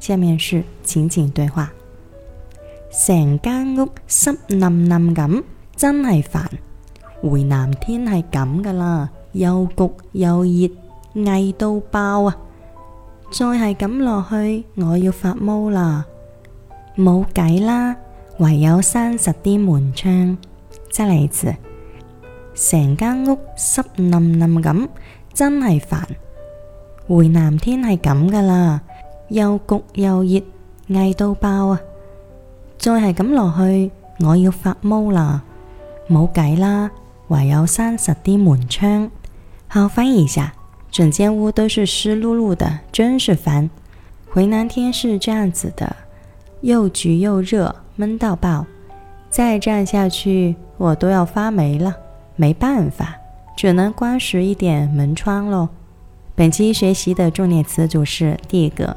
下面是情景對話，成間屋濕淰淰咁，真係煩。回南天係咁噶啦，又焗又熱，翳到爆啊！再係咁落去，我要發毛啦！冇計啦，唯有閂實啲門窗。真係字，成間屋濕淰淰咁，真係煩。回南天係咁噶啦。又焗又熱，翳到爆啊！再係咁落去，我要發毛啦！冇計啦，唯有閂實啲門窗。好，翻譯一下，整間屋都是濕漉漉的，真是煩。回南天是這樣子的，又焗又熱，悶到爆。再這樣下去，我都要發霉了。沒辦法，只能關實一點門窗咯。本期學習的重點詞組是第一個。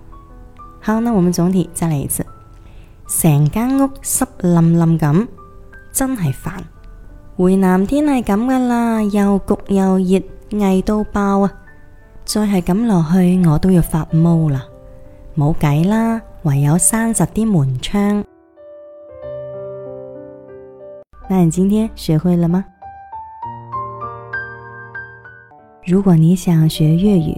好啦，那我們總體，再嚟一次，成間屋濕淰淰咁，真係煩。回南天係咁噶啦，又焗又熱，翳到爆啊！再係咁落去，我都要發毛啦，冇計啦，唯有閂實啲門窗。那你今天學會了嗎？如果你想學粵語。